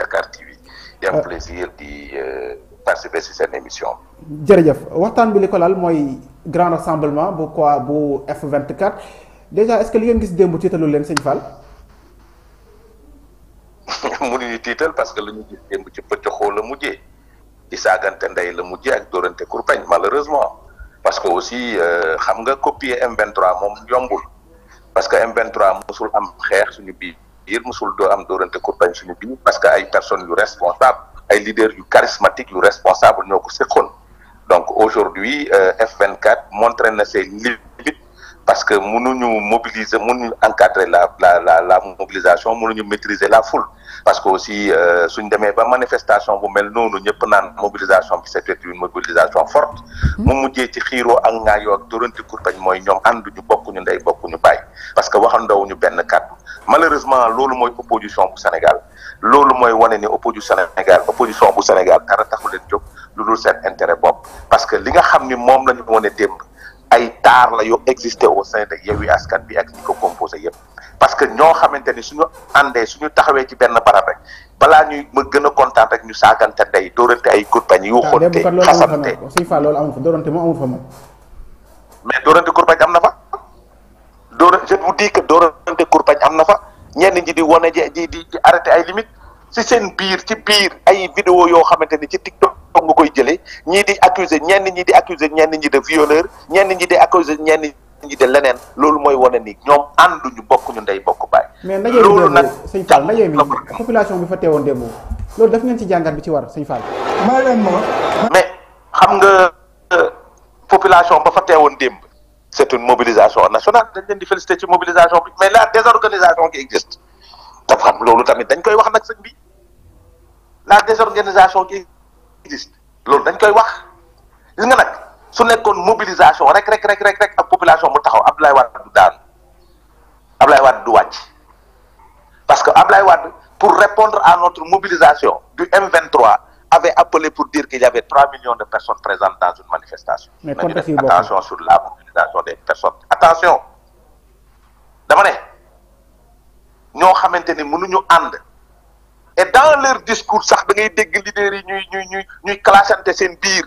Dakar TV di am ah. plaisir di euh, participer si seen émission jërëjëf waxtaan bi li ko laal mooy grand rassemblement bu quoi bu F24 déjà est que li ngeen gis démb tiitalu leen sëñ Fall mënuñu tiital parce que lañu ñu gis démb ci pëccoxoo la mujjee ci saagante ndey la mujjee ak dóorante kurpañ malheureusement parce que aussi euh, xam nga copier M23 moom yombul parce que M23 mosul am xeex suñu bii yéen mosul doo am dóorante kurpañ suñu biir parce que ay personnes yu responsable ay leaders yu charismatique yu responsable ñoo ko séqoon donc aujourd'hui euh, F24 montré na ses limites parce que mënuñu mobiliser mënuñu encadrer la la la la mobilisation ñu maîtriser la foule parce que aussi euh, suñ demee ba manifestation bu mel noonu ñëpp naan mobilisation bi c'était une mobilisation forte mmh. mu mujjee ci xiiro ak ngaayoo ak doranti kurpañ mooy ñoom ñu bokkuñu ndey bokkuñu baay parce que ñu benn kàddu malheureusement loolu mooy opposition bu Sénégal loolu mooy wane ni opposition Sénégal opposition bu Sénégal dara taxu leen jóg lu dul seen intérêt bopp parce que li nga xam ni moom la ñu wane ay taar la yoo existé au sein de Yewwi Askan bi ak ñi ko composé yëpp parce que ñoo xamante ni suñu àndee suñu taxawee ci benn barab rek balaa ñuy ma gën a rek ñu saagante day dóorante ay kurbañ yu ah, xonte xasante si fa loolu amul fa moom mais dóorante kurbañ am na fa dóorante je vous dis que dóorante kurbañ am na fa ñenn ñi di wane ji di arrêté ay limite ci seen biir ci biir ay vidéo yoo xamante ni ci TikTok foog nga koy jëlee ñii di accuser ñenn ñi di accuser ñenn ñi de violeur ñenn ñi di accuser ñenn ñi de leneen loolu mooy wane ni ñoom ànduñu bokk ñu ndey bokk baay. loolu mais ndaje mi population bi fa teewoon démb loolu daf ngeen ci jàngat bi ci mais xam nga euh, population ba fa teewoon démb. c'est une mobilisation nationale dañ leen di féliciter ci mobilisation bi mais la désorganisation qui existe dafa xam loolu tamit dañ koy wax nag sëñ bi la désorganisation qui existe loolu dañ koy wax gis nga nag su nekkoon mobilisation rek rek rek rek rek ak population bu taxaw Abdoulaye Wade du daanu Abdoulaye du wàcc parce que Abdoulaye Wade pour répondre à notre mobilisation du M23 avait appelé pour dire qu'il y avait 3 millions de personnes présentes dans une manifestation. mais contexte attention sur la mobilisation des personnes attention dama ne ñoo xamante ni mënuñu ànd. et dans leur discours sax da ngay dégg leaders yi ñuy ñuy ñuy ñuy clashante seen biir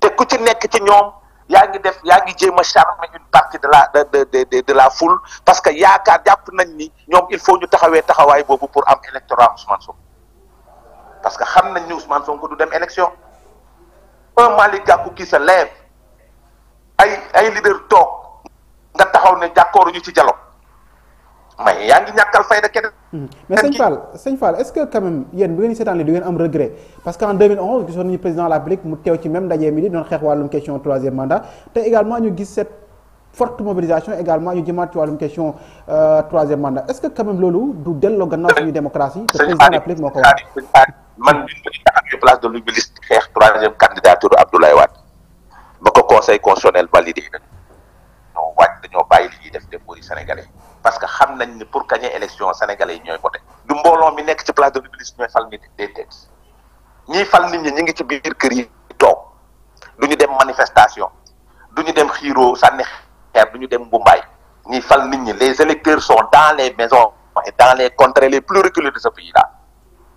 te ku ci nekk ci ñoom yaa ngi def yaa ngi jéem a charmer une partie de la de de de la foule parce que yaakaar jàpp nañ ni ñoom il faut ñu taxawee taxawaay boobu pour am électorat Ousmane parce que xam nañ ni Ousmane Sonko du dem élection un Malick Gakou qui se lève ay ay toog nga taxaw ne ñu ci jaloo mais yaa ngi ñàkkal fayda keneen. Hmm. mais sëñ Fall sëñ Fall est-ce que quand même yéen bu ngeen di seetaan li du ngeen am regret parce que en 2011 gisoon nañu président de la République mu teew ci même ndaje mi di doon xeex wàllum question troisième mandat te également ñu gis cette forte mobilisation également ñu jëmaat ci wàllum question euh, troisième mandat est-ce que quand même loolu du delloo gannaaw suñu démocratie. te président de la moo ko wax man a place de l'humiliste parce que xam nañ ni pour gagner élection sénégalais yi ñooy voté du mbooloo mi nekk ci place de l'Obélisque ñooy fal nit des fal nit ñi ñu ngi ci biir kër yi toog du ñu dem manifestation du ñu dem xiiro sànni xeer du ñu dem mbumbaay ñiy fal nit ñi les électeurs sont dans les maisons et dans les contrées les plus reculées de ce pays là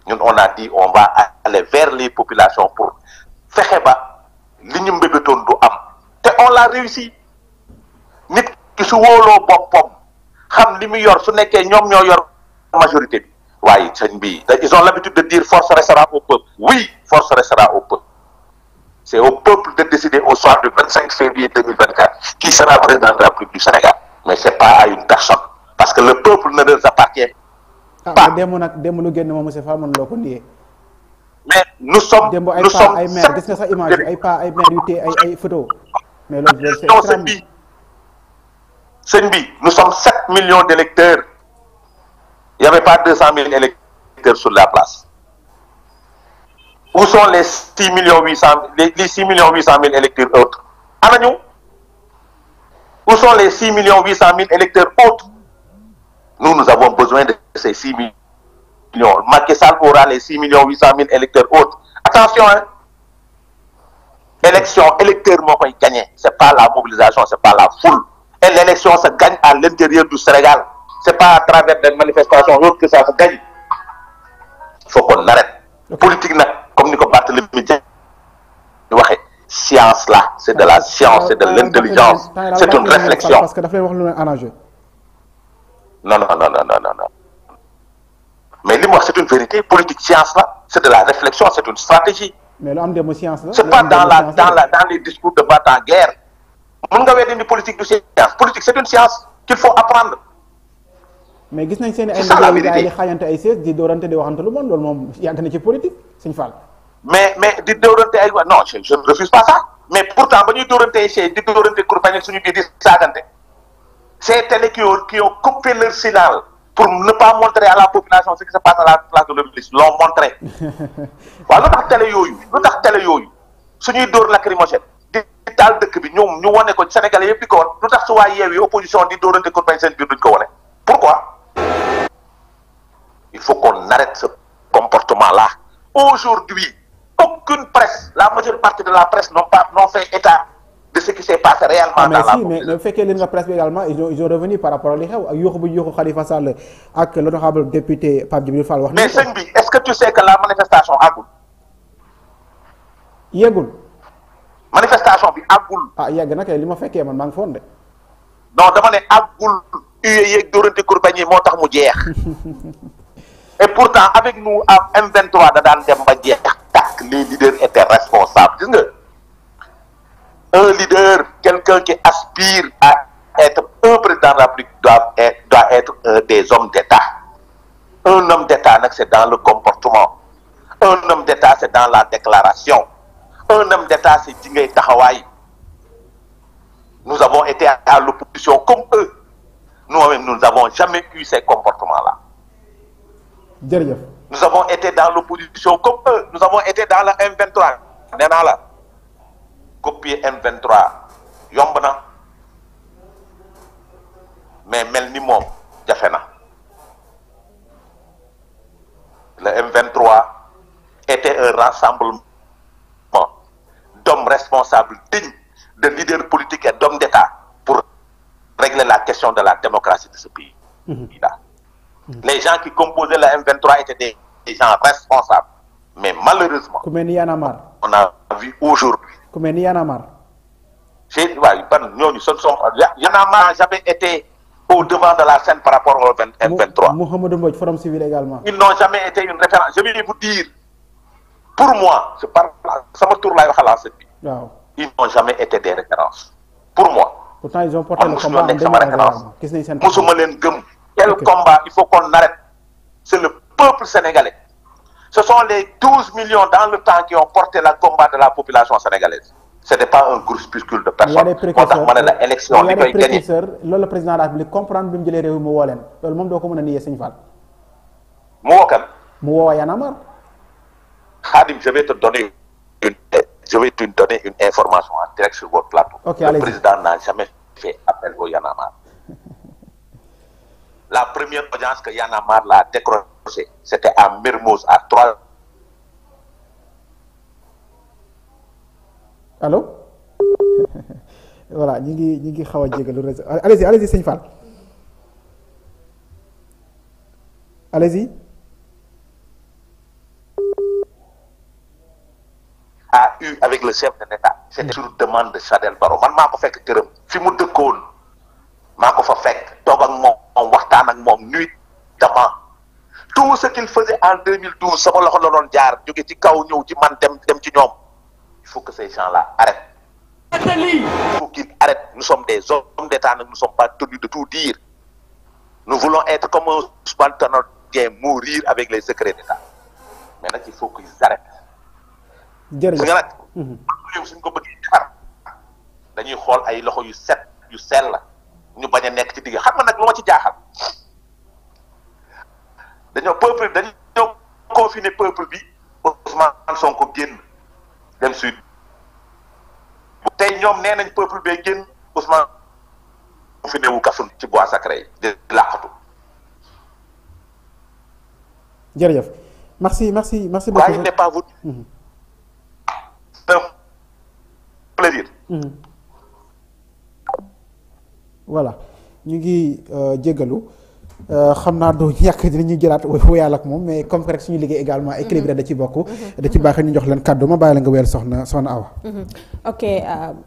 ñun on a dit on va aller vers les populations pour fexe ba li ñu mbébétoon du am te on l'a réussi nit ki su wóoloo boppam xam li mu yor su nekkee ñoom ñoo yor majorité bi waaye sëñ bi ils ont l'habitude de dire force restera au peuple oui force restera au peuple c'est au peuple de décider au soir du 25 février 2024 qui sera président de la République du Sénégal mais c'est pas à une personne parce que le peuple ne leur appartient ah, pas démb nag démb lu ay pa ay maire gis nga sax image ay pa ay maire yu téye ay ay photo sëñ bi nous sommes sept millions d'électeurs il y avait pas deux cent mille électeurs sur la place où sont les six millions huit cent les six millions huit cent mille électeurs autres anañu où sont les six millions huit cent mille électeurs autres nous nous avons besoin de ces six millions Macky Sall aura les six millions huit cent mille électeurs autres attention hein élection électeur moo koy gagné c'est pas la mobilisation c'est pas la foule et l'élection se gagne à l'intérieur du Sénégal c'est pas à travers des manifestations autres que ça se gagne faut qu'on politique nag comme ni ko Barthélémy Dieng di waxee science de la science c'est de euh, l'intelligence c'est une réflexion wax lu ne en jeu non non non mais li mu wax c'est une vérité politique science la c'est de la réflexion c'est une stratégie la c'est pas dans dans la dans les discours de bat en guerre mun nga weddi ni politique du science politique c' est une science qu'il faut apprendre. mais gis nañ seen ay xaajante ay sees di doorante di waxante lu moom yàgg ci politique Sëñ Fall. mais mais di doorante ay non je je ne refuse pas ça mais pourtant ba ñuy doorante ay sees di doorante kurpañ suñu biir di saagante c' est télé qui ont qui coupé leur signal pour ne pas montrer à la population ce qui se passe à la place de l'Obélisque l'ont montré waaw lu taal dëkk bi ñoom ñu wane ko Sénégalais yëpp di ko wan lu tax su waa yeewi opposition di dóorante ko bañ seen biir duñ ko wane pourquoi il faut qu'on arrête ce comportement là aujourd'hui aucune presse la majeure partie de la presse n'ont pas n'ont fait état de ce qui s'est passé réellement ah, dans si, mais fekkee leen nga presse bi également ils ont ils ont revenu par rapport ak li xew ak yooxu bu ñu yooxu Khalifa Sall ak l'honorable député Pape Djibril bi est-ce que tu sais communication bi àggul. ah yàgg na kay fekkee man maa ngi foon de. non dama ne àggul huée yeeg dóorante kurbañ moo tax mu jeex et pourtant avec nous à M23 da daan dem ba jeex tak les leaders étaient responsables gis nga un leader quelqu'un qui aspire à être un président de la République doit être des hommes d'État un homme d'État nag c'est dans le comportement un homme d'État c'est dans la déclaration un homme d'État si ci ngay taxawaay nous avons été à l'opposition comme eux nous-mêmes nous n'avons jamais eu ces comportements-là. nous avons été dans l'opposition comme eux nous avons été dans la M23 nee la copier M23 yomb na mais mel ni moom jafe na le M23 était un rassemblement. hommes responsables dignes de leaders politiques et d'hommes d'État pour régler la question de la démocratie de ce pays. Mhm. là mmh. Les gens qui composaient la M23 étaient des, des gens responsables. Mais malheureusement, on a vu aujourd'hui. J'ai ouais, nous sommes Yanamar n'a de la scène par rapport au M23. Mohamed Forum civil également. Ils n'ont jamais été une référence. Je vais dire, pour moi, je parle, ça me tourne là, waaw ils n'ont jamais été des références pour moi. pourtant ils ont porté le combat nekk sama référence gis mosuma leen gëm. tel combat il faut qu'on arrête c'est le peuple sénégalais ce sont les douze millions dans le temps qui ont porté le combat de la population sénégalaise. ce n'est pas un groupuscule de personnes. moo tax ma ne la élection li koy gagné loolu la président de la comprendre bi mu jëlee réew mu woo leen loolu moom a niyee Sëñ Fall. mu woo kan. woo Yann je vais te donner une information en direct sur votre plateau. Okay, le président n'a jamais fait appel au Yanamar. La première audience que Yanamar l'a décrochée, c'était à Mermoz, à 3. Allô? voilà, ñu ngi ñu ngi xaw a jégalu réseau. Allez-y, allez-y, Allez-y. le chef de l'État c'était sur demande de Sadel Baro man maa fekk këram fi mu dëkkoon maa ko fa fekk toog ak moom waxtaan ak moom nuit dama tout ce qu'il faisait en 2012 sama loxo la doon jaar jóge ci kaw ñëw ci man dem ci ñoom il faut que ces gens là arrêtent il faut qu'ils arrêtent nous sommes des hommes d'État nag nous sommes pas tenus de tout dire nous voulons être comme un subalternodien mourir avec les secrets d'État mais nag il faut am réew suñ ko dañuy xool ay loxo yu set yu sell ñu bañ a nekk ci digg xam nga nag lu ma ci jaaxal dañoo peuple dañoo confiné peuple bi Ousmane Sonko génn dem sud tey ñoom nee nañ peuple bee génn Ousmane confiné wu ci bois sacré yi di làqatu jërëjëf merci merci merci beaucoup waaye il pas vous mhm. plaisir. Hmm. voilà ñu ngi euh, jégalu euh, xam naa doo ñàkk dinañu jëlaat wéyal ak moom mais comme que rek ñu liggéey également hmm. équilibré da ci bokk. Hmm. da ci baaxee ñu jox leen kàddu ma bàyyi la nga wéyal soxna soxna Awa. ok. Euh,